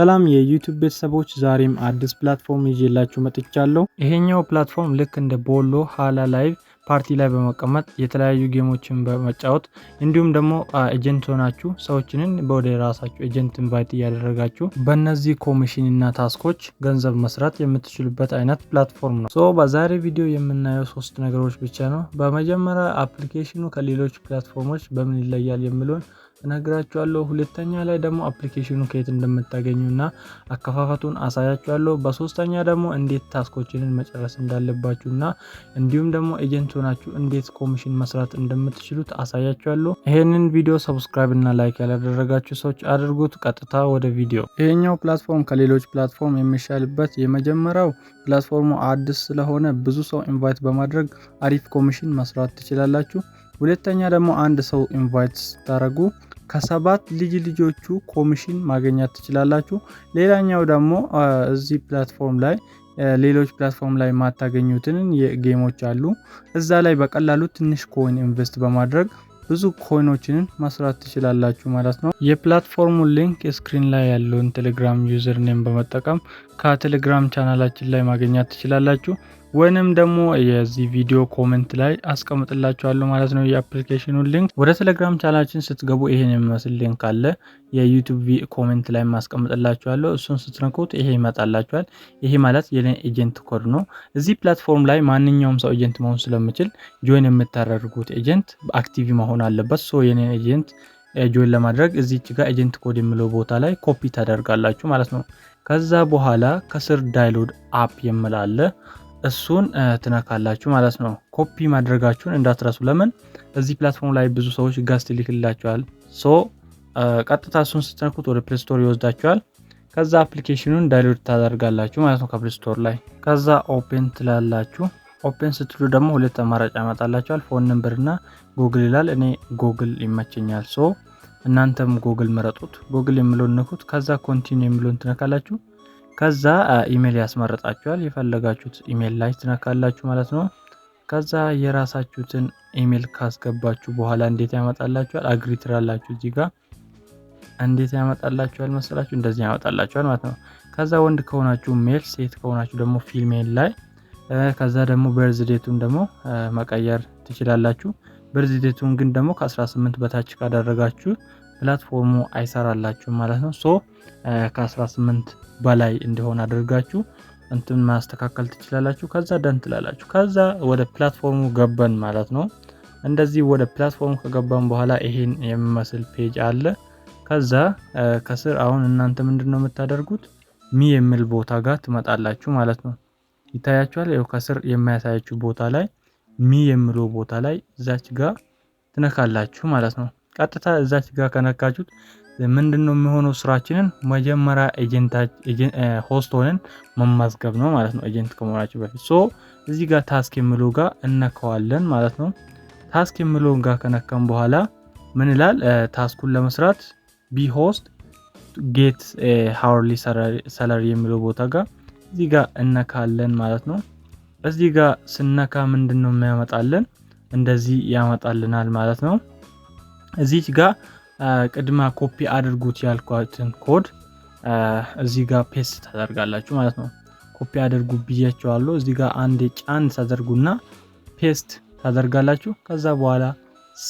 ሰላም የዩቲዩብ ቤተሰቦች፣ ዛሬም አዲስ ፕላትፎርም ይዤላችሁ መጥቻለሁ። ይሄኛው ፕላትፎርም ልክ እንደ ቦሎ፣ ሀላ ላይቭ ፓርቲ ላይ በመቀመጥ የተለያዩ ጌሞችን በመጫወት እንዲሁም ደግሞ ኤጀንት ሆናችሁ ሰዎችንን ወደ ራሳችሁ ኤጀንት ኢንቫይት እያደረጋችሁ በእነዚህ ኮሚሽን እና ታስኮች ገንዘብ መስራት የምትችሉበት አይነት ፕላትፎርም ነው። ሶ በዛሬ ቪዲዮ የምናየው ሶስት ነገሮች ብቻ ነው። በመጀመሪያ አፕሊኬሽኑ ከሌሎች ፕላትፎርሞች በምን ይለያል የሚለውን እነግራችኋለሁ። ሁለተኛ ላይ ደግሞ አፕሊኬሽኑ ከየት እንደምታገኙና አከፋፈቱን አሳያችኋለሁ። በሶስተኛ ደግሞ እንዴት ታስኮችንን መጨረስ እንዳለባችሁና እንዲሁም ደግሞ ኤጀንት ሆናችሁ እንዴት ኮሚሽን መስራት እንደምትችሉት አሳያችኋለሁ። ይህንን ቪዲዮ ሰብስክራይብ እና ላይክ ያላደረጋችሁ ሰዎች አድርጉት። ቀጥታ ወደ ቪዲዮ። ይሄኛው ፕላትፎርም ከሌሎች ፕላትፎርም የሚሻልበት የመጀመሪያው ፕላትፎርሙ አዲስ ስለሆነ ብዙ ሰው ኢንቫይት በማድረግ አሪፍ ኮሚሽን መስራት ትችላላችሁ። ሁለተኛ ደግሞ አንድ ሰው ኢንቫይት ስታደረጉ ከሰባት ልጅ ልጆቹ ኮሚሽን ማግኘት ትችላላችሁ። ሌላኛው ደግሞ እዚህ ፕላትፎርም ላይ ሌሎች ፕላትፎርም ላይ የማታገኙትን ጌሞች አሉ። እዛ ላይ በቀላሉ ትንሽ ኮይን ኢንቨስት በማድረግ ብዙ ኮይኖችንን መስራት ትችላላችሁ ማለት ነው። የፕላትፎርሙን ሊንክ ስክሪን ላይ ያለውን ቴሌግራም ዩዘር ኔም በመጠቀም ከቴሌግራም ቻናላችን ላይ ማግኘት ትችላላችሁ። ወይንም ደግሞ የዚህ ቪዲዮ ኮሜንት ላይ አስቀምጥላችኋለሁ ማለት ነው የአፕሊኬሽኑን ሊንክ። ወደ ቴሌግራም ቻናላችን ስትገቡ ይሄን የሚመስል ሊንክ አለ። የዩቱብ ኮሜንት ላይ ማስቀምጥላችኋለሁ። እሱን ስትነኩት ይሄ ይመጣላችኋል። ይሄ ማለት የኔ ኤጀንት ኮድ ነው። እዚህ ፕላትፎርም ላይ ማንኛውም ሰው ኤጀንት መሆን ስለምችል ጆይን የምታደርጉት ኤጀንት አክቲቭ መሆን አለበት። ሶ የኔ ኤጀንት ጆይን ለማድረግ እዚች ጋር ኤጀንት ኮድ የሚለው ቦታ ላይ ኮፒ ታደርጋላችሁ ማለት ነው። ከዛ በኋላ ከስር ዳይሎድ አፕ የምላለ እሱን ትነካላችሁ ማለት ነው። ኮፒ ማድረጋችሁን እንዳትረሱ። ለምን እዚህ ፕላትፎርም ላይ ብዙ ሰዎች ጋስት ይልክላቸዋል። ሶ ቀጥታ እሱን ስትነኩት ወደ ፕሌስቶር ይወስዳቸዋል። ከዛ አፕሊኬሽኑን ዳይሎድ ታደርጋላችሁ ማለት ነው ከፕሌስቶር ላይ። ከዛ ኦፕን ትላላችሁ። ኦፕን ስትሉ ደግሞ ሁለት አማራጭ ያመጣላችኋል። ፎን ነምበር እና ጎግል ይላል። እኔ ጎግል ይመቸኛል። ሶ እናንተም ጎግል መረጡት። ጎግል የሚለውን ነኩት። ከዛ ኮንቲኒ የሚለውን ትነካላችሁ። ከዛ ኢሜል ያስመርጣችኋል የፈለጋችሁት ኢሜል ላይ ትነካላችሁ ማለት ነው። ከዛ የራሳችሁትን ኢሜል ካስገባችሁ በኋላ እንዴት ያመጣላችኋል? አግሪ ትላላችሁ እዚህ ጋር እንዴት ያመጣላችኋል መሰላችሁ? እንደዚህ ያመጣላችኋል ማለት ነው። ከዛ ወንድ ከሆናችሁ ሜል፣ ሴት ከሆናችሁ ደግሞ ፊሜል ላይ ከዛ ደግሞ በርዝ ዴቱን ደግሞ መቀየር ትችላላችሁ። በርዝ ዴቱን ግን ደግሞ ከ18 በታች ካደረጋችሁ ፕላትፎርሙ አይሰራላችሁም ማለት ነው። ሶ ከ18 በላይ እንደሆነ አድርጋችሁ እንትን ማስተካከል ትችላላችሁ። ከዛ ደን ትላላችሁ። ከዛ ወደ ፕላትፎርሙ ገባን ማለት ነው። እንደዚህ ወደ ፕላትፎርሙ ከገባን በኋላ ይሄን የሚመስል ፔጅ አለ። ከዛ ከስር አሁን እናንተ ምንድን ነው የምታደርጉት? ሚ የሚል ቦታ ጋር ትመጣላችሁ ማለት ነው። ይታያችኋል። ያው ከስር የማያሳያችሁ ቦታ ላይ ሚ የሚለው ቦታ ላይ እዛች ጋር ትነካላችሁ ማለት ነው። ቀጥታ እዛች ጋር ከነካችሁት ምንድነው የሚሆነው? ስራችንን መጀመሪያ ሆስት ሆነን መመዝገብ ነው ማለት ነው። ኤጀንት ከመሆናችሁ በፊት ሶ እዚህ ጋር ታስክ የሚለው ጋር እነካዋለን ማለት ነው። ታስክ የሚለውን ጋር ከነካም በኋላ ምን ይላል? ታስኩን ለመስራት ቢ ሆስት ጌት ሃወርሊ ሰላሪ የሚለው ቦታ ጋር እዚህ ጋር እነካለን ማለት ነው። እዚህ ጋር ስነካ ምንድን ነው የሚያመጣለን? እንደዚህ ያመጣልናል ማለት ነው። እዚች ጋር ቅድመ ኮፒ አድርጉት ያልኳትን ኮድ እዚህ ጋር ፔስት ታደርጋላችሁ ማለት ነው። ኮፒ አድርጉ ብያችኋለሁ። እዚህ ጋር አንድ ጫን ታደርጉና ፔስት ታደርጋላችሁ። ከዛ በኋላ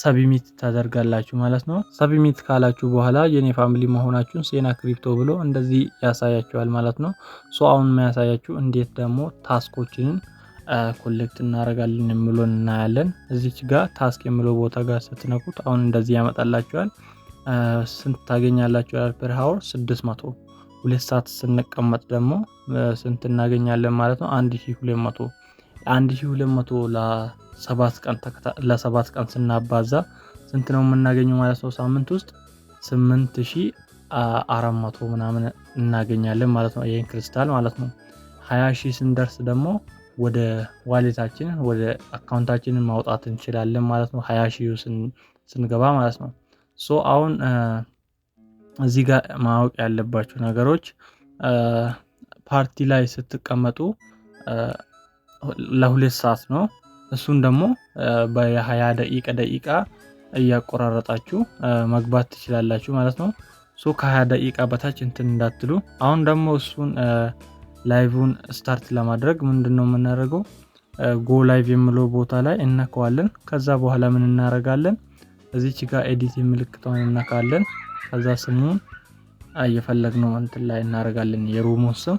ሰብሚት ታደርጋላችሁ ማለት ነው። ሰብሚት ካላችሁ በኋላ የኔ ፋሚሊ መሆናችሁን ሴና ክሪፕቶ ብሎ እንደዚህ ያሳያችኋል ማለት ነው። ሶ አሁን የሚያሳያችሁ እንዴት ደግሞ ታስኮችንን ኮሌክት እናረጋለን የምሎ እናያለን። እዚች ጋ ታስክ የሚለው ቦታ ጋር ስትነኩት አሁን እንደዚህ ያመጣላቸዋል ስንት ታገኛላችሁ ይላል። ፐር ሀወር 600 ሁለት ሰዓት ስንቀመጥ ደግሞ ስንት እናገኛለን ማለት ነው? 1200 1200 ለሰባት ቀን ስናባዛ ስንት ነው የምናገኘው ማለት ነው? ሳምንት ውስጥ 8400 ምናምን እናገኛለን ማለት ነው። ይህን ክሪስታል ማለት ነው። 20 ሺህ ስንደርስ ደግሞ ወደ ዋሌታችንን ወደ አካውንታችንን ማውጣት እንችላለን ማለት ነው። ሀያ ሺዩ ስንገባ ማለት ነው። ሶ አሁን እዚህ ጋር ማወቅ ያለባቸው ነገሮች ፓርቲ ላይ ስትቀመጡ ለሁለት ሰዓት ነው። እሱን ደግሞ በሀያ ደቂቃ ደቂቃ እያቆራረጣችሁ መግባት ትችላላችሁ ማለት ነው። ሶ ከ ደቂቃ በታች እንትን እንዳትሉ አሁን ደግሞ እሱን ላይቭን ስታርት ለማድረግ ምንድን ነው የምናደርገው? ጎ ላይቭ የምለው ቦታ ላይ እነከዋለን። ከዛ በኋላ ምን እናደርጋለን? እዚች ጋር ኤዲት የምልክተውን እነካለን። ከዛ ስሙን እየፈለግነው እንትን ላይ እናደርጋለን፣ የሩሙን ስም።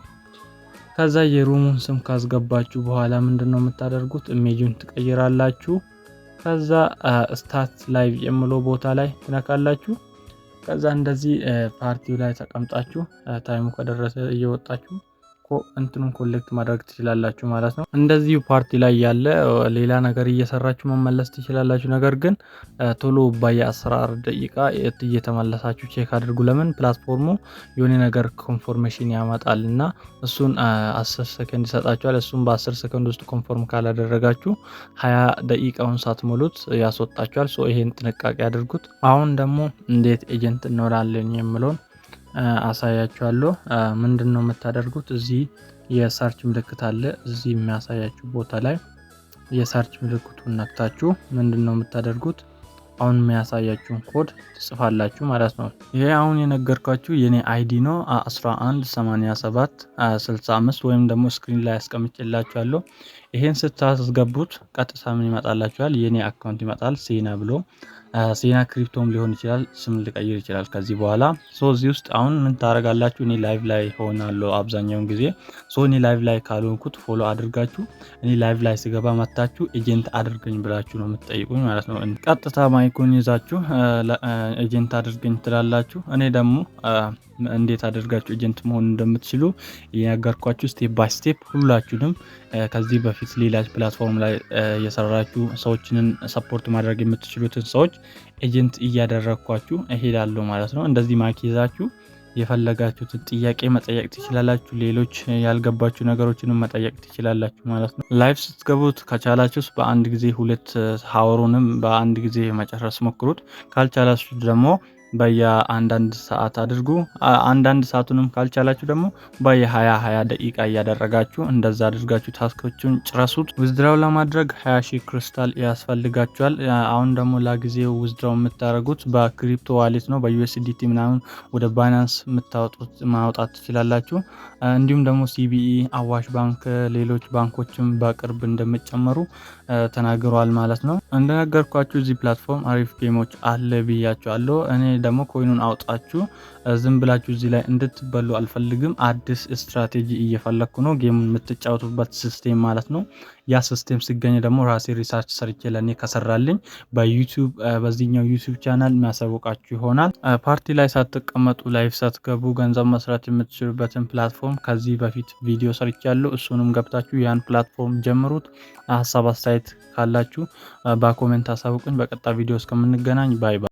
ከዛ የሩሙን ስም ካስገባችሁ በኋላ ምንድን ነው የምታደርጉት? ኢሜጁን ትቀይራላችሁ። ከዛ ስታርት ላይቭ የምለው ቦታ ላይ ትነካላችሁ። ከዛ እንደዚህ ፓርቲው ላይ ተቀምጣችሁ ታይሙ ከደረሰ እየወጣችሁ እንትኑን ኮሌክት ማድረግ ትችላላችሁ ማለት ነው። እንደዚሁ ፓርቲ ላይ ያለ ሌላ ነገር እየሰራችሁ መመለስ ትችላላችሁ። ነገር ግን ቶሎ ባየ 14 ደቂቃ እየተመለሳችሁ ቼክ አድርጉ። ለምን ፕላትፎርሙ የሆነ ነገር ኮንፎርሜሽን ያመጣል እና እሱን 10 ሰከንድ ይሰጣችኋል። እሱን በ10 ሰከንድ ውስጥ ኮንፎርም ካላደረጋችሁ 20 ደቂቃውን ሳትሞሉት ያስወጣችኋል። ይሄን ጥንቃቄ አድርጉት። አሁን ደግሞ እንዴት ኤጀንት እንሆናለን የምለውን አሳያችኋለሁ። ምንድነው የምታደርጉት? እዚህ የሰርች ምልክት አለ። እዚህ የሚያሳያችሁ ቦታ ላይ የሰርች ምልክቱን ነክታችሁ ምንድነው የምታደርጉት? አሁን የሚያሳያችሁን ኮድ ትጽፋላችሁ ማለት ነው። ይሄ አሁን የነገርኳችሁ የኔ አይዲ ነው 118765 ወይም ደግሞ ስክሪን ላይ አስቀምጬላችኋለሁ። ይሄን ስታስገቡት ቀጥታ ምን ይመጣላችኋል? የኔ አካውንት ይመጣል። ሴና ብሎ ሴና ክሪፕቶም ሊሆን ይችላል። ስም ሊቀይር ይችላል ከዚህ በኋላ ሶ እዚህ ውስጥ አሁን ምን ታደርጋላችሁ? እኔ ላይቭ ላይ ሆናለሁ አብዛኛውን ጊዜ ሶ እኔ ላይቭ ላይ ካልሆንኩት ፎሎ አድርጋችሁ እኔ ላይቭ ላይ ስገባ መታችሁ ኤጀንት አድርገኝ ብላችሁ ነው የምትጠይቁኝ ማለት ነው። ቀጥታ ማይኮን ይዛችሁ ኤጀንት አድርገኝ ትላላችሁ። እኔ ደግሞ እንዴት አድርጋችሁ ኤጀንት መሆን እንደምትችሉ የነገርኳችሁ ስቴፕ ባይ ስቴፕ ሁላችሁንም ከዚህ በፊት በፊት ሌላ ፕላትፎርም ላይ የሰራችሁ ሰዎችንን ሰፖርት ማድረግ የምትችሉትን ሰዎች ኤጀንት እያደረግኳችሁ እሄዳለሁ ማለት ነው። እንደዚህ ይዛችሁ የፈለጋችሁትን ጥያቄ መጠየቅ ትችላላችሁ። ሌሎች ያልገባችሁ ነገሮችንም መጠየቅ ትችላላችሁ ማለት ነው። ላይፍ ስትገቡት ከቻላችሁስ በአንድ ጊዜ ሁለት ሀወሩንም በአንድ ጊዜ መጨረስ ሞክሩት። ካልቻላችሁ ደግሞ በየአንዳንድ ሰዓት አድርጉ። አንዳንድ ሰዓቱንም ካልቻላችሁ ደግሞ በየ20 20 ደቂቃ እያደረጋችሁ እንደዛ አድርጋችሁ ታስኮችን ጭረሱት። ውዝድራው ለማድረግ 20 ሺህ ክሪስታል ያስፈልጋችኋል። አሁን ደግሞ ለጊዜው ውዝድራው የምታደርጉት በክሪፕቶ ዋሌት ነው፣ በዩኤስዲቲ ምናምን ወደ ባይናንስ የምታወጡት ማውጣት ትችላላችሁ። እንዲሁም ደግሞ ሲቢኢ፣ አዋሽ ባንክ፣ ሌሎች ባንኮችም በቅርብ እንደሚጨመሩ ተናግረዋል ማለት ነው። እንደነገርኳችሁ እዚህ ፕላትፎርም አሪፍ ጌሞች አለ ብያቸዋለሁ እኔ ደግሞ ኮይኑን አውጣችሁ ዝም ብላችሁ እዚህ ላይ እንድትበሉ አልፈልግም። አዲስ ስትራቴጂ እየፈለግኩ ነው፣ ጌሙን የምትጫወቱበት ሲስቴም ማለት ነው። ያ ሲስቴም ሲገኝ ደግሞ ራሴ ሪሰርች ሰርቼ ለእኔ ከሰራልኝ በዩቱብ በዚህኛው ዩቱብ ቻናል የሚያሳውቃችሁ ይሆናል። ፓርቲ ላይ ሳትቀመጡ ላይፍ ሳትገቡ ገንዘብ መስራት የምትችሉበትን ፕላትፎርም ከዚህ በፊት ቪዲዮ ሰርቻለሁ። እሱንም ገብታችሁ ያን ፕላትፎርም ጀምሩት። ሀሳብ አስተያየት ካላችሁ በኮሜንት አሳውቁኝ። በቀጣ ቪዲዮ እስከምንገናኝ ባይ ባይ።